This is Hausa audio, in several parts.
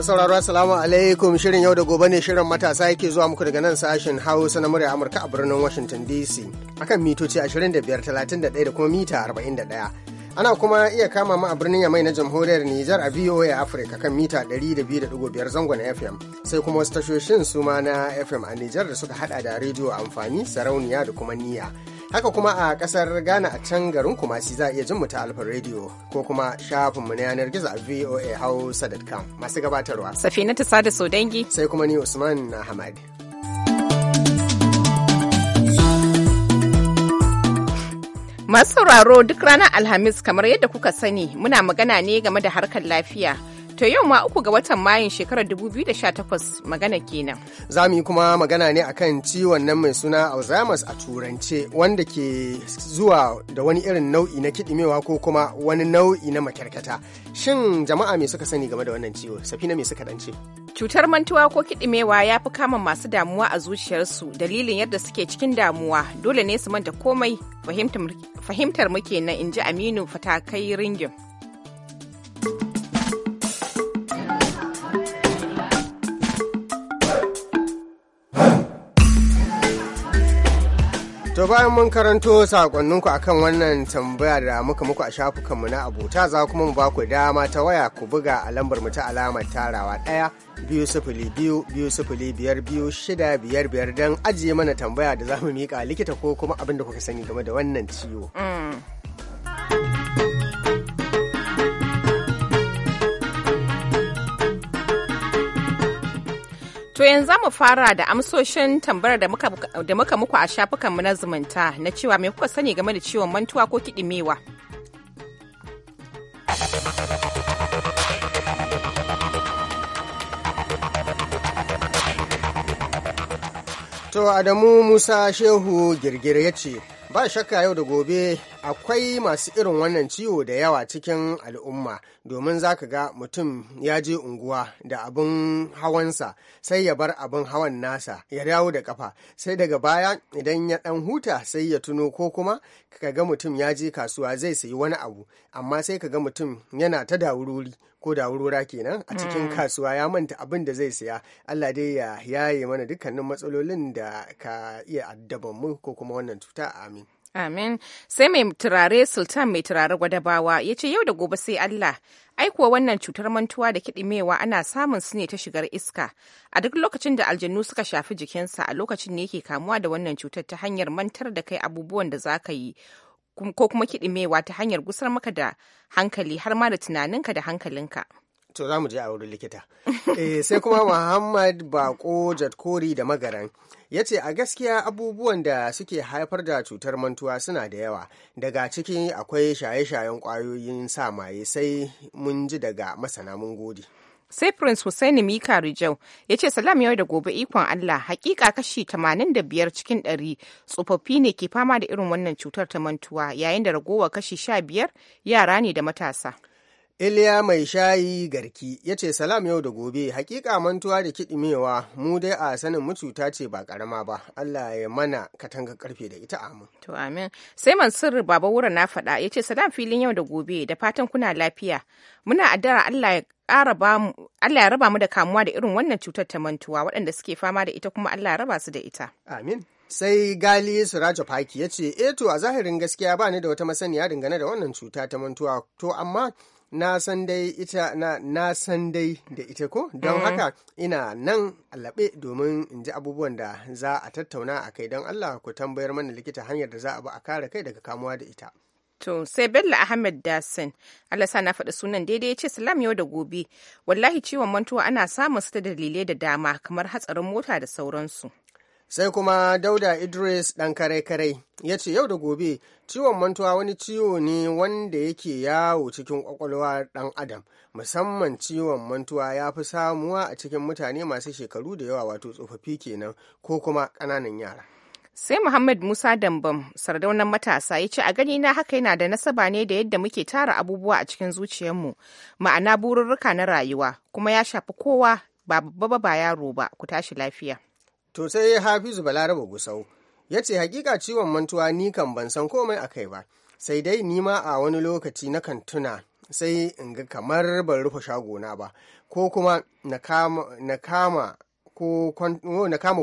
Masu sauraro Assalamu alaikum shirin yau da gobe ne shirin matasa yake zuwa muku daga nan sashen Hausa na murya Amurka a birnin Washington DC akan mitoci 25.31 da kuma mita 41. ana kuma iya kama mu a birnin yamai na jamhuriyar Nijar a VOA Africa kan mita 102.5 zangon FM sai kuma wasu tashoshin su ma na FM a Nijar da suka hada da rediyo amfani sarauniya da kuma niyya Haka kuma a kasar Ghana a can garin Kumasi za a iya jin mu ta Alfa Radio ko kuma shafin mu na yanar gizo a voahausa.com masu gabatarwa. Safina ta sada dangi. Sai kuma ni Usman na Hamadi. Masu sauraro duk ranar Alhamis kamar yadda kuka sani muna magana ne game da harkar lafiya. To yau ma uku ga watan Mayun shekarar 2018 magana kenan. Za mu yi kuma magana ne akan ciwon nan mai suna Alzheimer's a turance wanda ke zuwa da wani irin nau'i na kiɗimewa ko kuma wani nau'i na makyarkata. Shin jama'a me suka sani game da wannan ciwo? Safina me suka dance? Cutar mantuwa ko kiɗimewa ya fi kama masu damuwa a zuciyarsu dalilin yadda suke cikin damuwa dole ne su manta komai fahimtar muke nan in ji Aminu Fatakai Ringin. To bayan mun karanto sakonninku akan wannan tambaya da muka muku a shafukanmu na abota za kuma mu baku dama ta waya ku buga a lambar mu ta alamar tarawa ɗaya biyu sifili biyu biyu sifili biyar biyu shida biyar biyar don ajiye mana tambaya da za mu miƙa likita ko kuma abin da kuka sani game da wannan ciwo. Mm. To yanzu za mu fara da amsoshin tambara da muka muku a shafukanmu na zumunta na cewa mai kuka sani game da ciwon mantuwa ko kiɗimewa. To Adamu Musa Shehu girgire ya ce, Ba shakka yau da gobe akwai masu irin wannan ciwo da yawa cikin al'umma domin za ka ga mutum ya je unguwa da abin hawansa sai ya bar abin hawan nasa ya dawo da kafa sai daga baya idan ya dan huta sai ya tuno ko kuma ka ga mutum ya je kasuwa zai sayi wani abu amma sai ka ga mutum yana ta dawururi ko dawurura kenan a cikin mm. kasuwa ya manta abin da zai saya Allah dai ya yaye mana dukkanin matsalolin da ka iya addaban mu ko kuma wannan cuta amin Amin. Sai mai turare Sultan mai turare gwadabawa ya ce yau da gobe sai Allah. Aikuwa wannan cutar mantuwa da kiɗimewa ana samun su ne ta shigar iska. A duk lokacin da aljannu suka shafi jikinsa a lokacin ne yake kamuwa da wannan cutar ta hanyar mantar da kai abubuwan da za ka yi. ko kuma kiɗimewa ta hanyar gusar maka da hankali har ma da tunaninka da hankalinka. To za mu je a wurin likita. e, sai kuma Muhammad Bako Jatkori da Magaran. ya ce a gaskiya abubuwan da suke haifar da cutar mantuwa suna da yawa daga ciki akwai shaye-shayen kwayoyin sa maye sai mun ji daga masana mun gode. sai prince hussaini mika rijau ya ce salam yau da gobe ikon allah hakika kashi 85 cikin 100 tsofaffi ne ke fama da irin wannan cutar ta mantuwa yayin da ragowa kashi 15 yara ne da matasa Iliya mai shayi garki ya ce salam yau da gobe hakika mantuwa da kiɗimewa mu dai a sanin mucuta ce ba karama ba Allah ya mana katanga karfe da ita amin. To amin. Sai Mansur Baba Wura na faɗa ya ce salam filin yau da gobe da fatan kuna lafiya. Muna addara Allah ya Allah ya raba mu da kamuwa da irin wannan cutar ta mantuwa waɗanda suke fama da ita kuma Allah ya raba su da ita. Amin. sai gali suraja faki ya ce eto eh a zahirin gaskiya ba ni da wata masaniya dangane da wannan cuta ta mantuwa to amma na san dai ita na na san dai da ita ko don mm. haka ina nan alaɓe domin in ji abubuwan da za a tattauna a kai don Allah ku tambayar mana likita hanyar da za a bi a kare kai daga kamuwa da ita. To sai Bello Ahmed Dasin, Allah sa na faɗi sunan daidai ya ce salam yau da gobe, wallahi ciwon mantuwa ana samun su da dalilai da dama kamar hatsarin mota da sauransu. sai kuma dauda idris ɗan kare-kare ya ce yau da gobe ciwon mantuwa wani ciwo ne wanda yake yawo cikin kwakwalwa ɗan adam musamman ciwon mantuwa ya fi samuwa a cikin mutane masu shekaru da yawa wato tsofaffi kenan ko kuma kananan yara sai muhammad musa dambam sardaunan matasa ya ce a gani na haka yana da nasaba ne da yadda muke tara abubuwa a cikin zuciyarmu ma'ana bururruka na rayuwa kuma ya shafi kowa ba babba ba yaro ba ku tashi lafiya To sai Hafizu balarabe Gusau ya ce hakika ciwon mantuwa ni kan ban san komai a kai ba, sai dai ni ma a wani lokaci na kan tuna sai in ga kamar ban rufe shagona ba, ko kuma na kama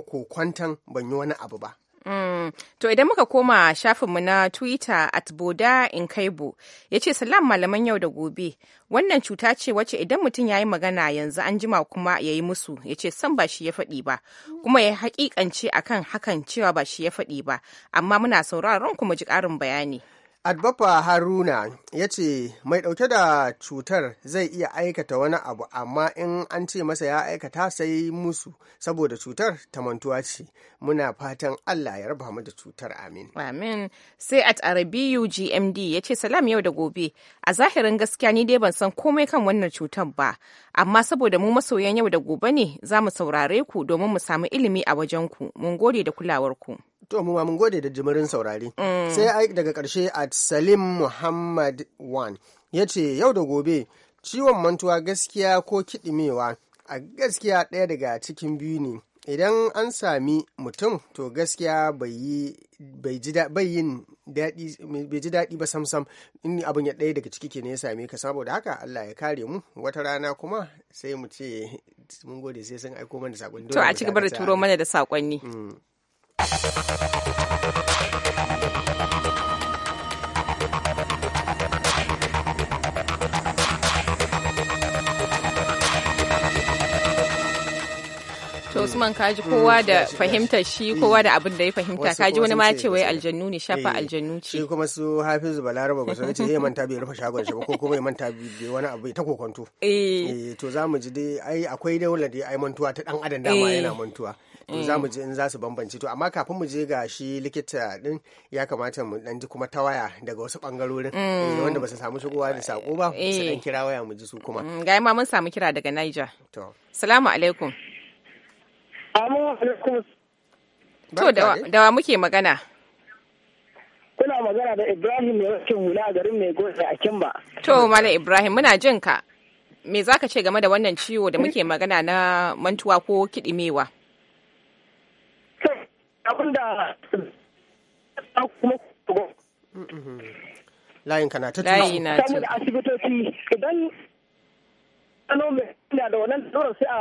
ko kwantan ban yi wani abu ba. Mm. To idan muka koma shafinmu na Twitter at Boda Inkaibo ya ce salam malaman yau da gobe wannan cuta ce wacce idan mutum ya yi magana yanzu an jima kuma ya yi musu ya ce san ba shi ya faɗi ba kuma ya haƙiƙance akan hakan cewa ba shi ya faɗi ba amma muna sauraron kuma ji ƙarin bayani. adbapa haruna ya ce mai ɗauke da cutar zai iya aikata wani abu amma in an ce masa ya aikata sai musu saboda cutar ta mantuwa ce muna fatan allah ya raba mu da cutar amin amin sai at arabiyu gmd ya ce salam yau da gobe a zahirin gaskiya ni dai ban san komai kan wannan cutar ba amma saboda mu masoyan yau da gobe ne za mu saurare ku domin mu samu ilimi a wajen ku mun gode da kulawar ku To mu mun gode da jimirin saurari. Mm. Sai daga ƙarshe a Salim Muhammad Wan ya ce yau da gobe ciwon mantuwa gaskiya ko kiɗimewa a gaskiya ɗaya daga cikin biyu ne. Idan an sami mutum to gaskiya bai yin bai ji daɗi ba samsam in abin ya ɗaya daga ciki ne ya same ka saboda haka Allah ya kare mu wata rana kuma sai mu ce mun gode sai sun aiko mana saƙonni. To a ci gaba da turo mana da saƙonni. Mm. to Usman kaji mm, kowa da fahimtar shi kowa da abin da ya fahimta kaji wani ma ce wai aljannu ne shafa eh, aljannu ce shi kuma su Hafizu Balaraba ba sun ce ya manta bai rufe shagon shi ba ko kuma ya manta bai wani abu ta kokonto eh. eh to za mu ji dai ai akwai dai wanda dai ai mantuwa ta dan adam dama eh. yana mantuwa za mu je in za su bambance to amma kafin mu je ga shi likita din ya kamata mu dan ji kuma ta waya daga wasu bangarorin eh, wanda ba su samu shigowa da sako ba eh. su dan kira waya mu ji su kuma mm, ga ma mun samu kira daga Niger to assalamu alaikum alaikum to da wa muke magana kuna magana da Ibrahim mai wakil hula garin mai gosa a Kimba to malam Ibrahim muna jinka me me zaka ce game da wannan ciwo da muke magana na mantuwa ko kidimewa layin kana ta layi na ta da asibitoci idan ano mai da wannan dora sai a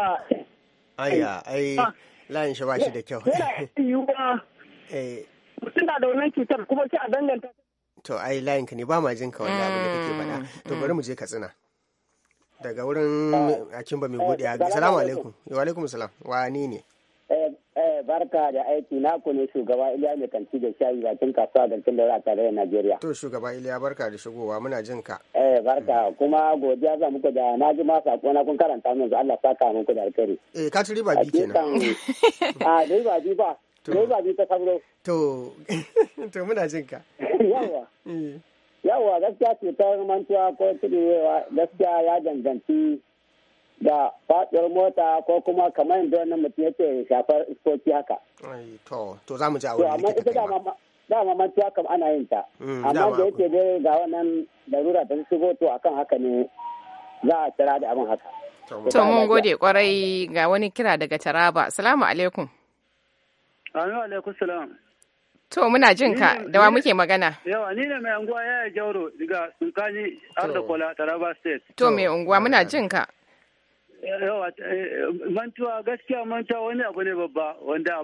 aya ai layin shi ba shi da kyau yana yiwuwa eh. da wannan cutar kuma sai a danganta to ai layin ka ne ba ma jin ka wannan abin da kake faɗa mm, to mm. bari mu je katsina daga wurin akimba mai gode eh, a salamu alaikum wa alaikum salam wa ni ne eh, Eh, barka da aiki na ku ne shugaba Iliya mai kanci da shayi bakin kasuwa garkin da tare da Najeriya. To shugaba Iliya barka da shigowa muna jin ka. Eh barka kuma godiya za muku da na ji ma sako na kun karanta min Allah saka muku da alkhairi. Eh ka ci riba bi kenan. A riba bi ba. Riba bi ta sabro. To to muna jin ka. Yawa. Yawa eh. gaskiya cutar mantuwa ko tudewa gaskiya ya danganci da faɗuwar mota ko kuma kamar yadda wannan mutum ya ce shafar iskoki haka. To, to za mu ji a wani likita kai ma. Dama mantuwa kam ana yin ta. Mm, amma da yake dai ga wannan larura ta su to akan haka ne za a tara da abin haka. To mun gode kwarai ga wani kira daga Taraba. Salamu alaikum. Amin alaikum salam. To muna jin ka da wa muke magana. Yawa ni ne mai unguwa ya yi Jauro daga Sunkani Arda Kola Taraba State. To mai unguwa muna jin ka. yawa eh, mantuwa gaskiya mantuwa wani abu ne babba wanda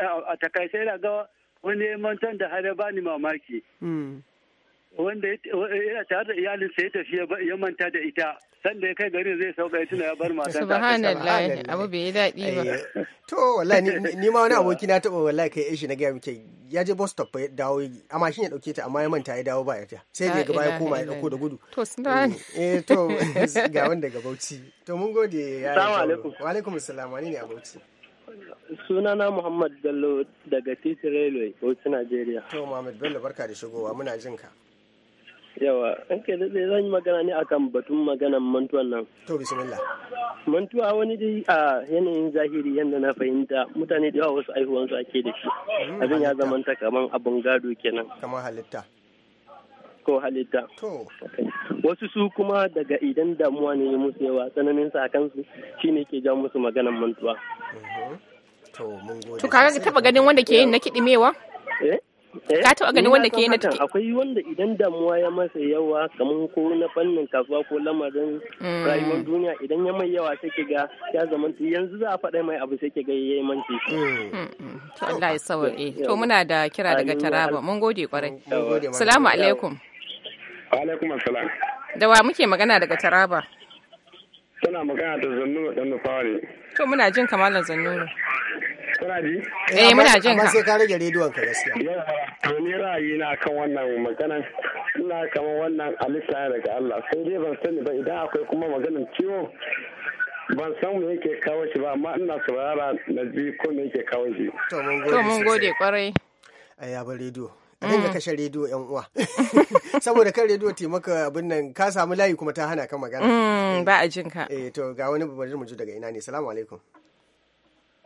eh, a takaice ina ga wani mantan da har ba ni mamaki hmm. wanda ya tare da iyalin sai tafi ya manta da ita sanda ya kai garin zai sauka ya tuna ya bar matan subhanallah abu bai yi daɗi ba to wallahi ni ma wani aboki na taɓa wallahi kai ishi na gaya muke ya je bus stop ya dawo amma shi ya dauke ta amma ya manta ya dawo ba ya ta sai da gaba ya koma ya dauko da gudu to mm, eh to ga wanda ga Bauchi to mun gode ya assalamu alaikum wa alaikum assalam wani ne a Bauchi sunana Muhammad Bello daga Titi Railway, Bauchi nigeria To Muhammad Bello barka da shigowa muna jin ka. yawa an kai da zan yi magana ne akan batun maganan mantuwan nan to bismillah mantuwa wani dai a yanayin zahiri yadda na fahimta mutane da yawa wasu aihuwansu ake da shi hmm, abin ya zamanta kaman abin gado kenan kamar halitta ko halitta wasu su kuma daga idan damuwa ne musu yawa tsananin su shine ke ja musu maganan mantuwa mhm. to mun gode to kaga taba ganin wanda ke yin na kidimewa eh Eh? Ka taɓa ganin wanda ke yana take? Akwai wanda idan damuwa ya masa yawa kamar ko na fannin kasuwa ko lamarin mm. rayuwar duniya idan ya mai yawa sai ga ya zama yanzu za a faɗa mai abu sai ga yayi manci. Mm. To Allah ya sauke. To muna da kira daga Taraba. Mun gode kwarai. assalamu alaikum. Wa alaikum assalam. Da wa muke magana daga Taraba? Tana magana da Zannu da Nufari. To muna jin kamalan Zannu Kana ji? Eh muna jin ka. Amma sai ka rage rediyon ka gaskiya. To ni ra'ayi na kan wannan maganan ina kaman wannan alisa daga Allah sai dai ban sani ba idan akwai kuma maganan ciwo ban san me yake kawo shi ba amma ina saurara na ji ko me yake kawo shi. To mun gode kwarai. A ba rediyo. a dinga mm. kashe rediyo yan uwa saboda kan rediyo taimaka abin nan ka samu layi kuma ta hana ka magana mm, ba a jin ka eh to ga wani babban mu daga ina ne salamu alaikum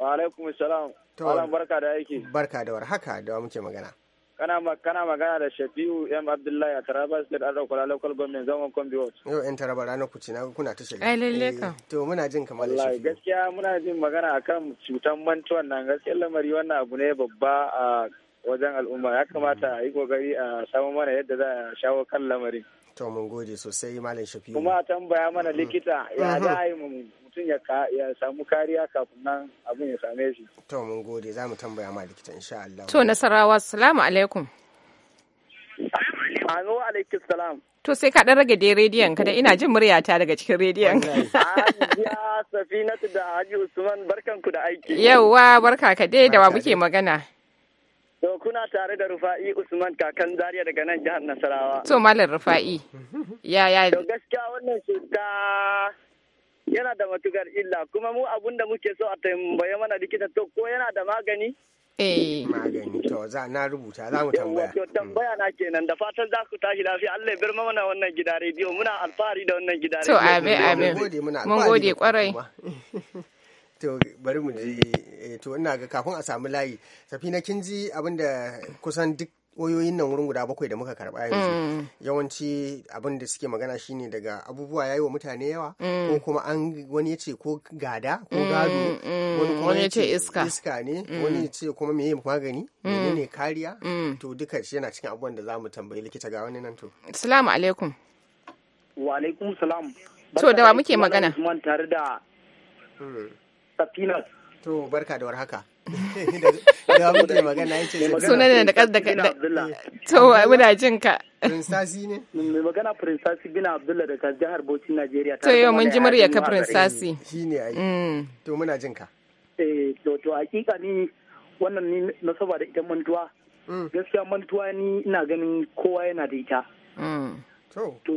Wa alaikum salam. Malam barka da aiki. Barka da war haka da muke magana. Kana kana magana da Shafi'u M Abdullahi a Taraba State Adar Kwala Local Government Zaman Kwambi wasu Yau yan Taraba ranar ku ce na kuna ta shirya eh, ka. To muna jin kamar da Shafi'u. gaskiya muna jin magana akan cutar mantuwan nan gaskiya lamari wannan abu ne babba a wajen al'umma ya kamata a yi kokari a samu mana yadda za a shawo kan lamarin. To mun gode sosai Malam Shafi'u. Kuma a tambaya mana likita ya za a yi mu mutum ya samu kariya kafin nan abin ya same shi to mun gode za mu tambaya ma likita insha Allah to nasarawa salamu alaikum Ano alaikum salam to sai ka ɗan rage dai rediyon ka da ina jin muryata daga cikin rediyon ya safinatu da Haji Usman barkanku da aiki yawwa barka ka dai da wa muke magana To kuna tare da Rufa'i Usman kakan Zaria daga nan jihar Nasarawa. To Malam Rufa'i. Ya ya. To gaskiya wannan cuta yana da matukar illa kuma mu abun da muke so a tambaye mana likita to ko yana da magani Eh. Magani to za na rubuta za mu tambaya. To tambaya na kenan da fatan za ku tashi lafiya Allah ya birma mana wannan gida rediyo muna alfahari da wannan gida rediyo. To amin amin. Mun gode kwarai. to bari mu ji eh, to ina ga kafin a samu layi safina kin ji abinda kusan duk wayoyin nan wurin guda bakwai da muka karba yanzu mm. yawanci abin da suke magana shine daga abubuwa yayi wa mutane yawa ko mm. kuma an wani ya ce ko gada ko mm, gado wani kuma ya ce iska iska ne wani ya ce kuma meye magani mene ne kariya to duka shi yana cikin abubuwan da zamu tambayi likita ga wani nan to assalamu alaikum wa alaikum salam to da wa muke magana tare da hmm. safinat to barka da warhaka suna ne da ya da da to muna jin ka prinsasi ne mai magana prinsasi bina abdullah daga jihar bauchi najeriya to yau mun ji murya ka prinsasi shi shine ai mm. to muna jin ka eh to to hakika ni wannan ni na saboda ita mantuwa mm. gaskiya mantuwa ni ina ganin kowa yana da ita mm. to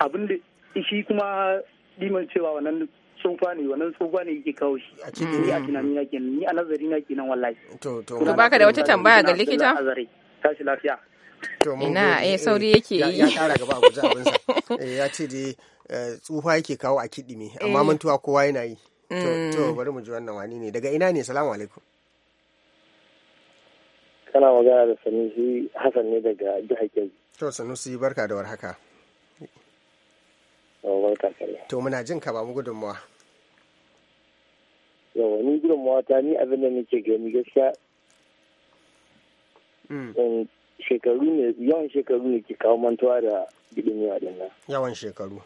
abin da shi kuma diman cewa wannan tsufa ne wannan tsufa ne yake kawo shi ni a mm. tunani na kenan ni a nazari na kenan wallahi to to baka da wata tambaya ga likita tashi lafiya to mun ina eh sauri eh, yake yi ya tara gaba a abin sa eh, ya ce dai eh, tsufa yake kawo a kidime amma mantuwa kowa yana yi to mm. bari mu ji wannan wani ne daga ina ne assalamu alaikum kana magana da sanusi hasan ne daga jihar kebbi to sanusi barka da warhaka To muna jin ka ba mu gudunmuwa. Yawa ni gudunmuwa ta ni abin da nake gani gaskiya. Mm. Um, shekaru ne yawan shekaru ne ke kawo mantuwa da ilimi waɗannan. Yawan shekaru.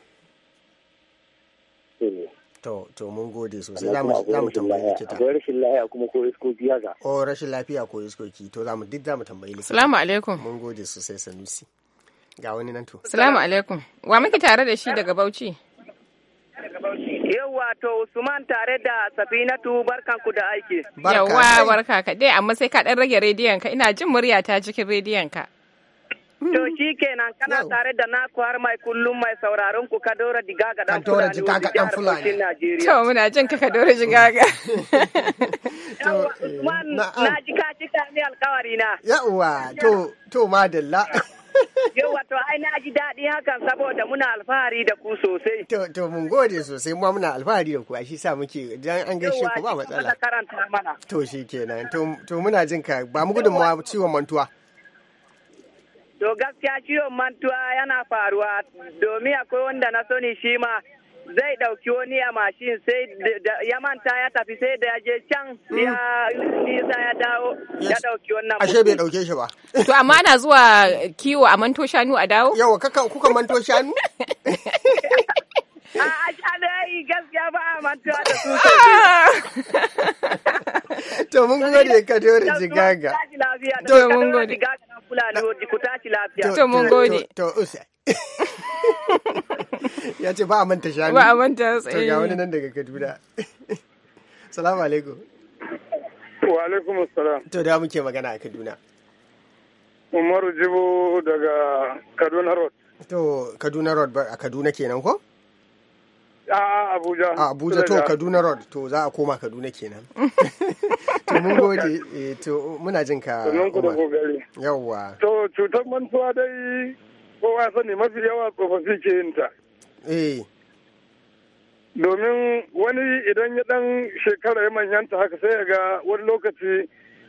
To, to mun gode sosai za mu tambayi likita. Akwai rashin lafiya kuma ko iskoki haka. O oh, rashin lafiya ko iskoki to za mu duk za mu tambayi likita. Salamu alaikum. Mun gode sosai Sanusi. ga wani nan to salamu alaikum wa muke tare da shi daga bauchi Yawwa to Usman tare da safinatu barkanku da aiki. Yawwa barka ka dai amma sai ka dan rage rediyon ka ina jin murya ta cikin rediyon ka. To shi kenan kana tare da naku har mai kullum mai sauraron ku Kadora Digaga dan Fulani. Kadora Digaga dan Fulani. To muna jin ka Kadora Digaga. To Usman na ji ka cika ni alƙawari na. Yawwa to to madalla. Yau wato ai na ji daɗi hakan saboda muna alfahari da ku sosai. To to mun gode sosai mu muna alfahari da ku shi sa muke dan an gaishe ku ba matsala. karanta mana. To shi kenan to muna jin ka ba mu gudunmawa ciwon mantuwa. To gaskiya ciwon mantuwa yana faruwa domin akwai wanda na sani shi ma zai ɗauki wani a mashin sai ya manta ya tafi sai da ya je can ya nisa ya dawo ya ɗauki wannan ashe bai ɗauke shi ba to amma ana zuwa kiwo a manto shanu a dawo yawa kaka kuka manto shanu a yi gaskiya ba a manto da su to mun gode ka dore jigaga to mun gode to mun gode ya ce ba a manta shanu ba a manta tsaye ga wani nan daga kaduna salamu alaikum wa alaikum assalam to da muke magana a kaduna umaru jibo daga kaduna road to kaduna road a kaduna kenan ko a abuja a abuja to kaduna road to za a koma kaduna kenan to mun gode eh, to muna jin ka yawwa to cutar mantuwa dai Ko kowa sani mafi yawa tsofaffi ke yin ta. Eh. Domin wani idan ya dan shekara ya ta haka sai ya ga wani lokaci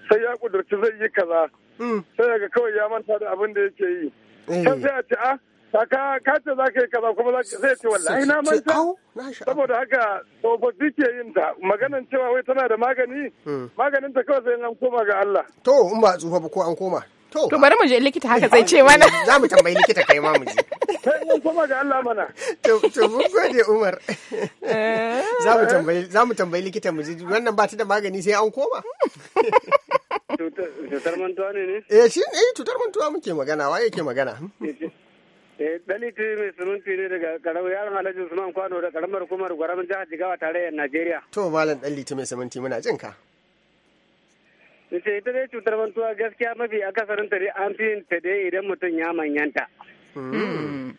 sai ya kudurci zai yi kaza. Hmm. Sai ya ga kawai ya manta da abin da yake yi. Kan eh. sai a ce ah, a Saka ka za ka yi kaza kuma za ka ce wallahi na manta. Saboda haka tsofaffi ke yin ta maganan cewa wai tana da magani hmm. maganin ta kawai sai an koma ga Allah. To in ba ko an koma. To bari mu je likita haka zai ce mana. Za mu tambayi likita kai ma mu je. Kai mun koma ga Allah mana. To mun gode Umar. Eh. Za mu tambayi za mu tambayi likita mu je wannan ba ta da magani sai an koma. Cutar mantuwa ne ne? Eh shi ne cutar mantuwa muke magana waye ke magana. Eh, eh, daliti mai suminti ne daga karamar yaron alhaji usman kwano da karamar kumar gwaramin jihar jigawa tarayyar najeriya to malam daliti mai suminti muna jin ka sai ita dai cutar mantuwa gaskiya mafi akasarin ta dai an fi yin ta dai idan mutum ya manyanta. Hmm.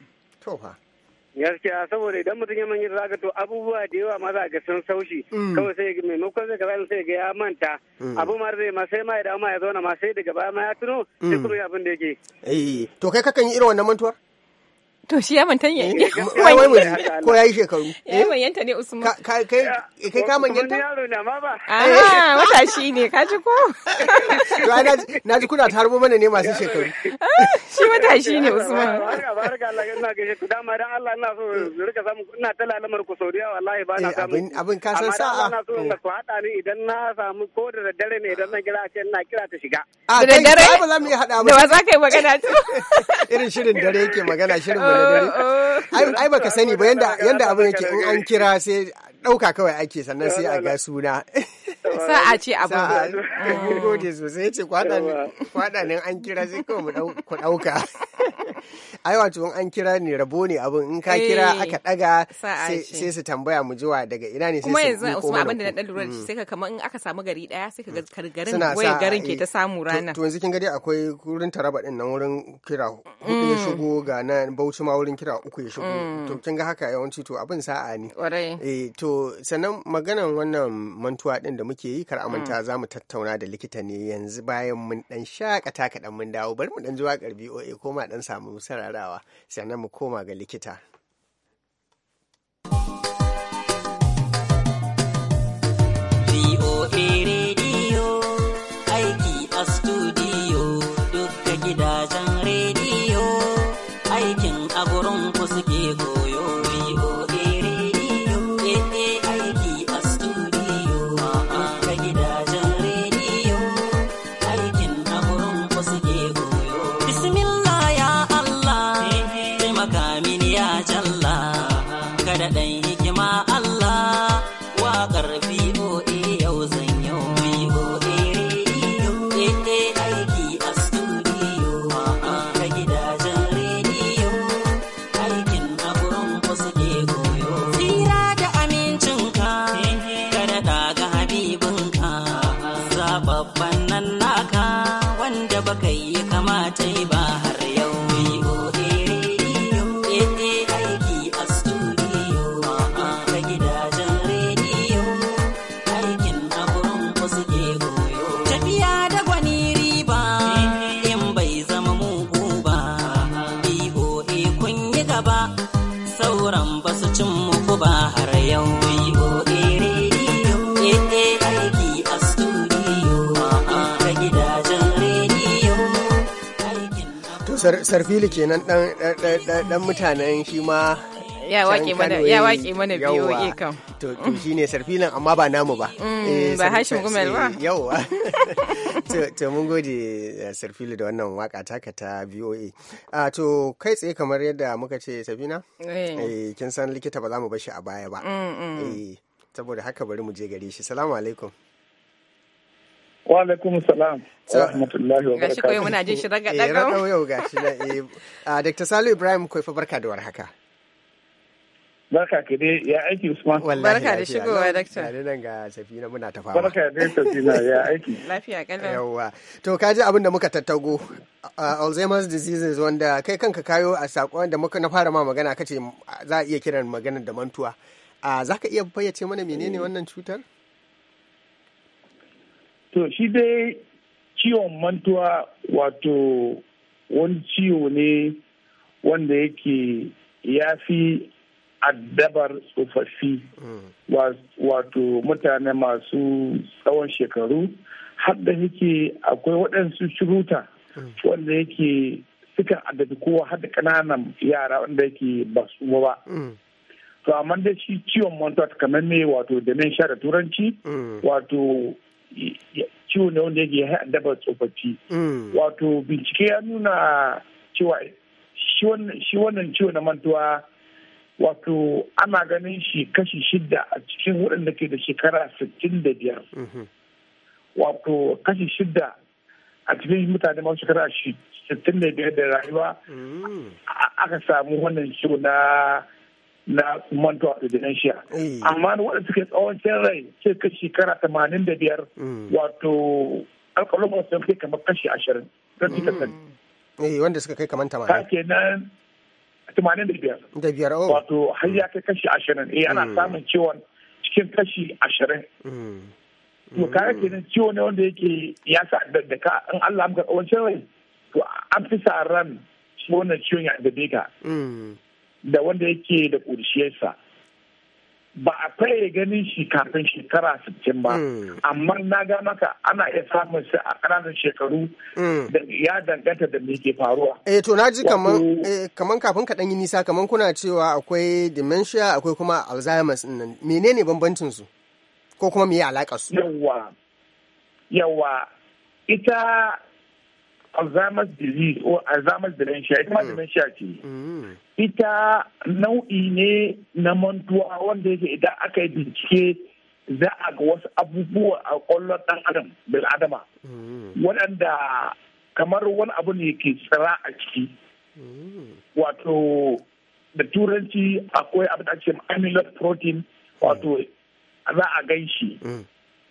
gaskiya saboda idan mutum ya manyanta zaka to abubuwa da yawa ma za ga sun saushi hmm. kawai sai maimakon zai kaza sai ga ya manta hmm. abu ma zai ma sai ma idan ma ya zauna ma sai daga baya ma ya tuno sai kuma abin da yake eh to kai kakan yi irin wannan mantuwar To shi yaman manta ya eh, yi. Ko ya yi shekaru. Ya eh? manyanta ne Usman. Kai ka manyanta? yaro na ma ba. Ah, matashi ne, ka ji ko? Na ji kuna tarbo mana ne masu shekaru. Ah, shi wata shi ne Usman. Dama dan Allah ina so rika samu ina ta lalamar ku sau da wallahi ba na samu. Abin ka san sa'a. Amma so ka hada ni idan na samu ko da daddare ne idan na kira a ce ina kira ta shiga. Ah, da daddare? Da ba za mu iya haɗa mu. Da ba za ka yi magana. Irin shirin dare yake magana shirin oh, ai baka sani ba yanda abin yake in an kira sai ɗauka kawai ake sannan sai a ga suna sa'a ce abu mun gode sosai ya ce kwaɗanin an kira sai kawai mu ɗauka ai wato an kira ne rabo ne abin in ka kira eh, aka daga sai su tambaya mu jiwa daga ina ne sai su kuma yanzu Usman abin da na dan lura mm. sai ka kamar in aka samu gari daya sai ka ga garin waye garin ke eh, ta samu rana to yanzu kin ga akwai wurin taraba din nan wurin kira hudu ya mm. shigo ga nan Bauchi ma wurin kira uku ya shigo mm. to kin ga haka yawanci to abin sa'a ne eh to sannan maganan wannan mantuwa din da muke yi kar manta za mu tattauna da likita ne yanzu bayan mun dan shakata kaɗan mun dawo bari mu dan zuwa karbi OA ko ma dan samu mu sararawa sannan mu koma ga likita gidajen rediyo aikin a gurin ku suke go sarfili kenan dan mutanen shi ma ya wake mana ya eh, wake mana biyo e kam to mm. shi ne amma ba namu ba mm, eh, ba hashin gumel ba eh, yawa to mun gode sarfili da wannan waka taka ta BOA a to kai tsaye kamar yadda muka ce Sabina eh kin san likita ba za mu bar shi a baya ba mm, eh saboda haka bari mu je gare shi salamu alaikum Wa alaikum salam. Rahmatullahi wa barakatuhu. Gashi muna jin shi daga daga. Eh yau gashi da eh ah, Dr. Salu Ibrahim koi fa barka da warhaka. Barka ke dai ya aiki Usman. Barka da shigowa Dr. Ni nan ga Safina muna ta fama. Barka da Safina ya aiki. Lafiya kallon. Yawwa. To ka ji abin da muka tattago ah, Alzheimer's disease wanda kai kanka kayo a sakon da muka na fara ma magana kace ah, za a iya kiran maganar da mantuwa. za ka iya fayyace mana menene mm. wannan cutar? to shi dai ciwon mantuwa wato wani ciwo ne wanda yake ya fi addabar tsofaffi mm. wato mutane masu tsawon shekaru har da yake akwai waɗansu shiruta mm. wanda yake sukan addabi kowa hada da ƙananan yara wanda yake ba su ba mm. to amma da shi ciwon mantuwa kamar ne wato da nan turanci wato ciwo ne wanda yake daba tsofaffi mm. wato bincike ya nuna cewa shi wannan ciwo na mantuwa wato ana ganin shi kashi shida a cikin waɗanda ke da shekara sittin da biyar mm-hmm. wato kashi shida a cikin mutane masu shekara sittin da biyar da rayuwa mm. aka samu wannan ciwo na na manto wato dementia eh. amma waɗanda suke tsawon rai sai ka shekara tamanin da biyar mm. wato alƙalumar sun kai kamar kashi ashirin don cika mm. sani. Eh wanda suka kai kamar tamanin. Ta kenan tamanin da biyar. Da biyar o. Oh. Wato har ya kai kashi ashirin eh ana mm. samun ciwon cikin kashi ashirin. To kare kenan ciwo ne wanda yake ya sa da ka in Allah amka tsawon rai to an fi sa ran shi wannan ciwon ya da ka. da wanda yake da ƙurshiyarsa ba a faye ganin shi kafin shekara 60 ba mm. amma na ga maka ana iya samun shi a ƙananan shekaru mm. da ya danganta da me ke faruwa eh to na ji eh, kaman kafin ka yi nisa kaman kuna cewa akwai dementia akwai kuma alzheimer's nan menene bambancin su ko kuma me alaƙa su yawa yawa ita Alzheimer's disease ko Alzheimer's dementia ita ma mm. dementia ce. Mm. Ita nau'i ne na mantuwa wanda yake idan aka yi bincike za a ga wasu abubuwa a kwallon ɗan adam bil adama mm. waɗanda kamar wani abu ne ke tsira a ciki. Wato da turanci akwai abin da ake amyloid protein wato za a gan shi.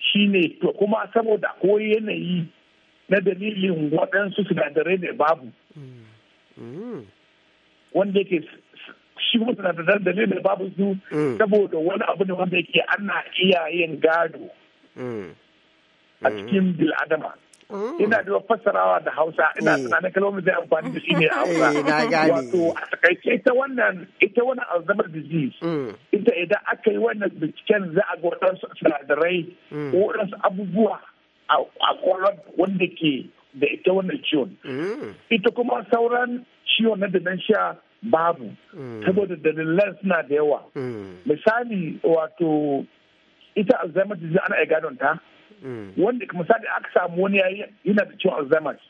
Shi ne to kuma saboda akwai yanayi na dalilin waɗansu sinadarai da babu mm. wanda yake shi kuma da dalilin da babu su mm. saboda wani abu ne wanda yake ana iya yin gado mm. a cikin bil'adama ina da fassarawa da hausa ina eh. tunanin kalmomi zai amfani da shi ne a hausa eh, wato a takaice ita wannan ita wannan alzheimer disease ita idan aka yi wannan binciken za a ga waɗansu sinadarai waɗansu abubuwa a kwallon wanda ke da ita wannan ciwon. Mm. Ita kuma sauran ciwon na dementia babu, mm. saboda dalilan suna da yawa. Mm. Misali wato ita Alzheimer's disease ana iya gadon ta, wanda misali aka samu wani yayi yana da ciwon Alzheimer's.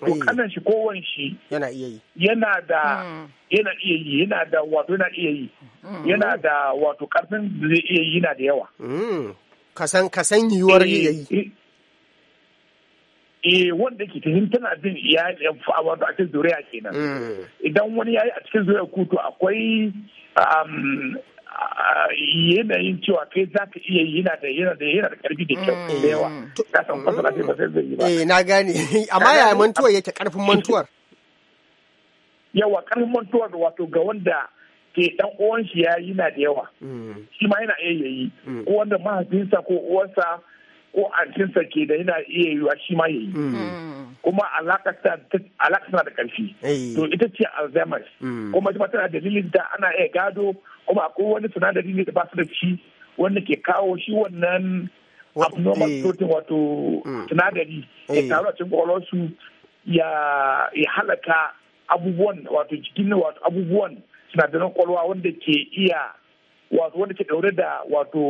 Ko kanan shi ko shi yana iya yi. Yana da yana iya yi, yana da wato yana iya yi. Yana da wato karfin da zai iya yi yana da yawa. Kasan kasan yiwuwar eh, iya yi. Eh, eh wanda ke tahin tana bin ya a cikin zuriya kenan mm. idan wani ya yi a cikin zuriya kutu akwai um, yanayin cewa kai za ka iya yana da yana da yana da karfi da kyau mm. da yawa ka san kwasa na ba zai yi ba eh na gane amma yaya mantuwar yake karfin mantuwar yawa karfin mantuwar wato ga wanda ke dan uwan shi ya yana da yawa mm. shi ma yana iya yi ko wanda mahaifinsa ko uwarsa ko antinsa ke da yana iya yiwa shi ma yayi mm. kuma alaka tana da ƙarfi eh. to ita ce alzheimer's mm. kuma ita tana dalilin da ana iya gado kuma akwai wani sinadari ne da ba su da shi wanda ke kawo shi wannan abnormal eh. protein wato mm. sinadari ya eh. taru a cikin su. ya halaka abubuwan wato jikin wato abubuwan sinadaran kwalwa wanda ke iya wato wanda ke daure da wato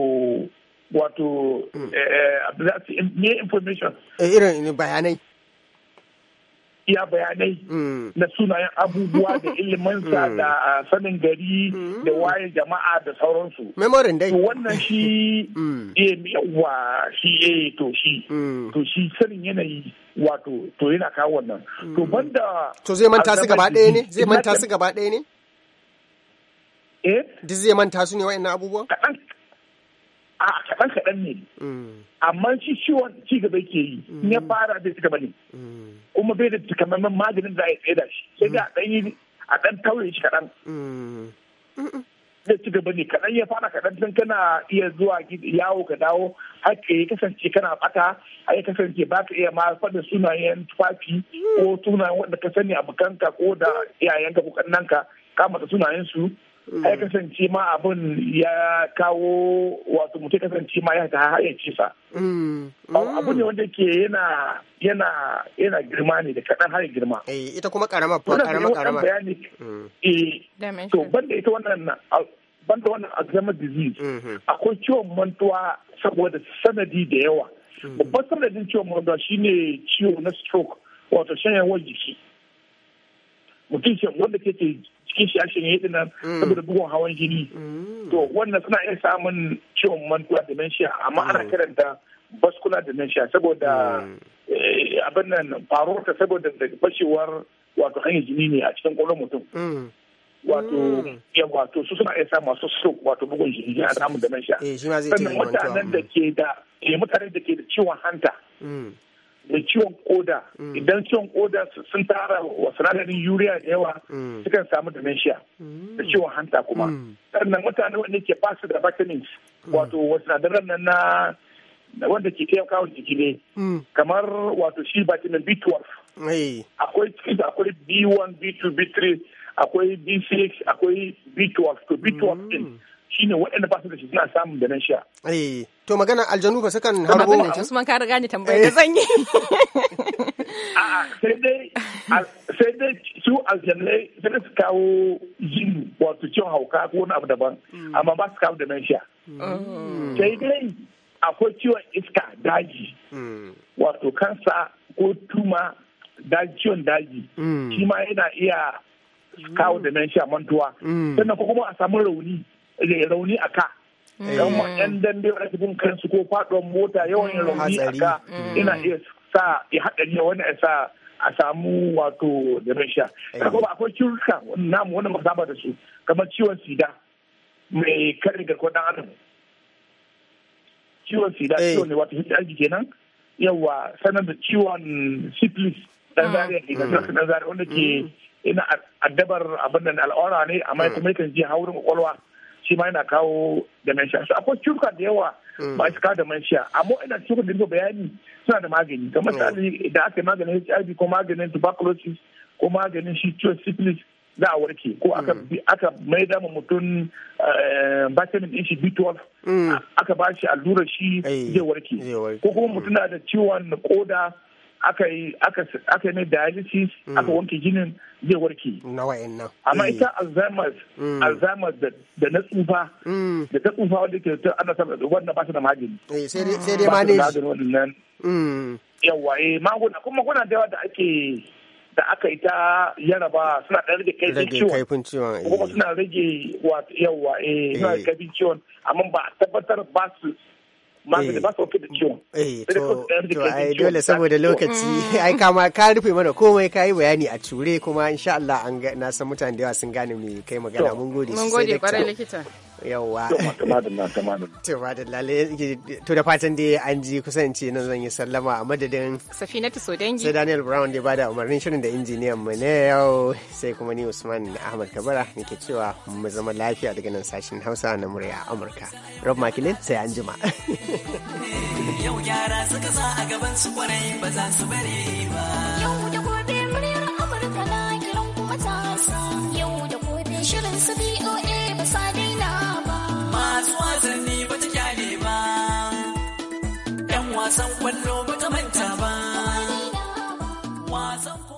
wato hmm. eh, eh, eh, ne information irin bayanai iya bayanai hmm. na sunayen abubuwa da iliminsa hmm. da ah, sanin gari da waye jama'a da sauransu. Memorin dai. Wannan shi yawa shi eh to shi. To shi sanin yanayi wato to yana kawo wannan. To banda. To zai manta su gaba ɗaya ne? Zai manta su gaba ɗaya ne? Eh? Duk zai manta su ne wa'annan abubuwa? Kaɗan a kaɗan kaɗan ne mm. amma shi ciwon ci gaba ke yi ya mm. fara bai ci gaba ne mm. kuma bai da takamaiman maganin da ya da shi sai da ɗan yi a ɗan taure shi kaɗan zai ci gaba ne kaɗan ya fara kaɗan tun kana iya zuwa yawo ka dawo Haka ya kasance kana bata a ya kasance ba ka iya ma faɗin sunayen tufafi ko sunayen wanda ka sani abokanka ko da iyayenka ko kannanka ka mata sunayen su ya mm. kasance ma abin ya kawo wato mutu kasance ma ya ta ya cisa. Abu ne wanda ke yana yana yana girma ne da kaɗan har girma. Eh, ita kuma ƙarama ko karama karama. Eh to banda ita wannan ah, banda wannan Alzheimer disease mm-hmm. akwai ciwon mantuwa saboda sanadi da yawa. Mm-hmm. Babban sanadin ciwon mantuwa shine ciwo na stroke wato shanyewar jiki. Mutum wanda ke cikin shi ashin ya nan mm. saboda bugun hawan jini mm. to wannan suna iya samun ciwon mantuwa dementia amma ana mm. karanta da dementia saboda eh, abin nan faruwarta saboda fashewar wato hanyar jini ne a cikin ƙwallon mutum wato ya wato su suna iya sa masu stroke wato bugun jini yana samun dementia eh, sannan mutanen da ke da eh, mutanen da ke da ciwon hanta da ciwon koda mm. idan ciwon koda sun tara wa sinadarin yuriya da yawa mm. sukan samu dementia mm. da ciwon hanta kuma sannan mutane wanda ke basu da vitamins wato wasu sinadaran nan na wanda ke taimaka wa jiki ne kamar wato shi vitamin B12 akwai cikin akwai B1 B2 B3 akwai B6 akwai B12 to B12 din shine waɗanda ba su da shi suna samun da nan sha. Eh, to magana aljanu ba sukan harbo ne can? Usman ka riga ni tambayar eh. da zan yi. A'a, sai dai sai dai su aljanai sai su kawo jin wato cin hauka ko wani abu daban, mm. amma ba su kawo da nan sha. Oh. Sai dai akwai ciwon iska daji, mm. wato kansa ko tuma daji ciwon daji, mm. shi ma yana iya kawo da nan sha mantuwa, sannan ko kuma a samu rauni. Eh, rauni a ka mm. don yan dambe wani cikin kansu ko faɗuwar mota yawan rauni a mm. ka ina mm. iya sa ya haɗa ne wani sa a samu wato da sha eh. kaga ba akwai ciwuka namu wani masaba da su kamar ciwon sida mai kare garkuwar dan adam ciwon sida eh. ciwon ne wato HIV kenan yawa sanar da ciwon syphilis dan zariya ne da dan zariya wanda ke ina addabar abin da al'aura ne amma kuma yakan je haurin kwakwalwa shi ma yana kawo dementia so akwai cuka da yawa masu mm. kawo dementia amma ina cuka da bayani suna da magani ga mm. misali da aka yi maganin hiv ko maganin tuberculosis ko maganin shi syphilis za a warke ko mm. aka mai dama mutum eh, vitamin din shi b12 aka ba shi allurar shi zai warke ko kuma mutum na da ciwon koda aka yi aka dialysis mm. aka wanke jinin zai warke amma eh. ita alzheimer's mm. alzheimer's da na tsufa mm. da ta tsufa wanda ke ta ana saboda wannan ba ta da magani eh, sai dai manage wannan yawa eh maguna kuma maguna da yawa da ake da aka yi ta yaraba suna da rage kaifin ciwon kuma eh. suna rage yawa eh suna kaifin ciwon amma ba a tabbatar ba su masu eh. da ba su eh, da ciwon. to ai dole saboda lokaci mm. ai kama ka rufe mana komai ka yi bayani a ture kuma insha Allah na san mutane da yawa sun gane me kai magana mun gode sosai. Mun gode kwarai likita. yawwa to da fatan dai an ji kusanci nan zan yi sallama a madadin safinatu sodangi sai daniel brown da bada umarnin shirin da injiniyan mu ne yau sai kuma ni usman ahmad kabara nake cewa mu zama lafiya daga nan sashen hausa na murya amurka rob makilin sai an jima yau yara suka sa a gaban su kwarai ba za su bari ba yau da gobe muryar amurka na kiran kuma ta yau da gobe shirin su boa ba sa masu wasanni ba ta kyale ba yan wasan kwallo ba ta manta ba wasan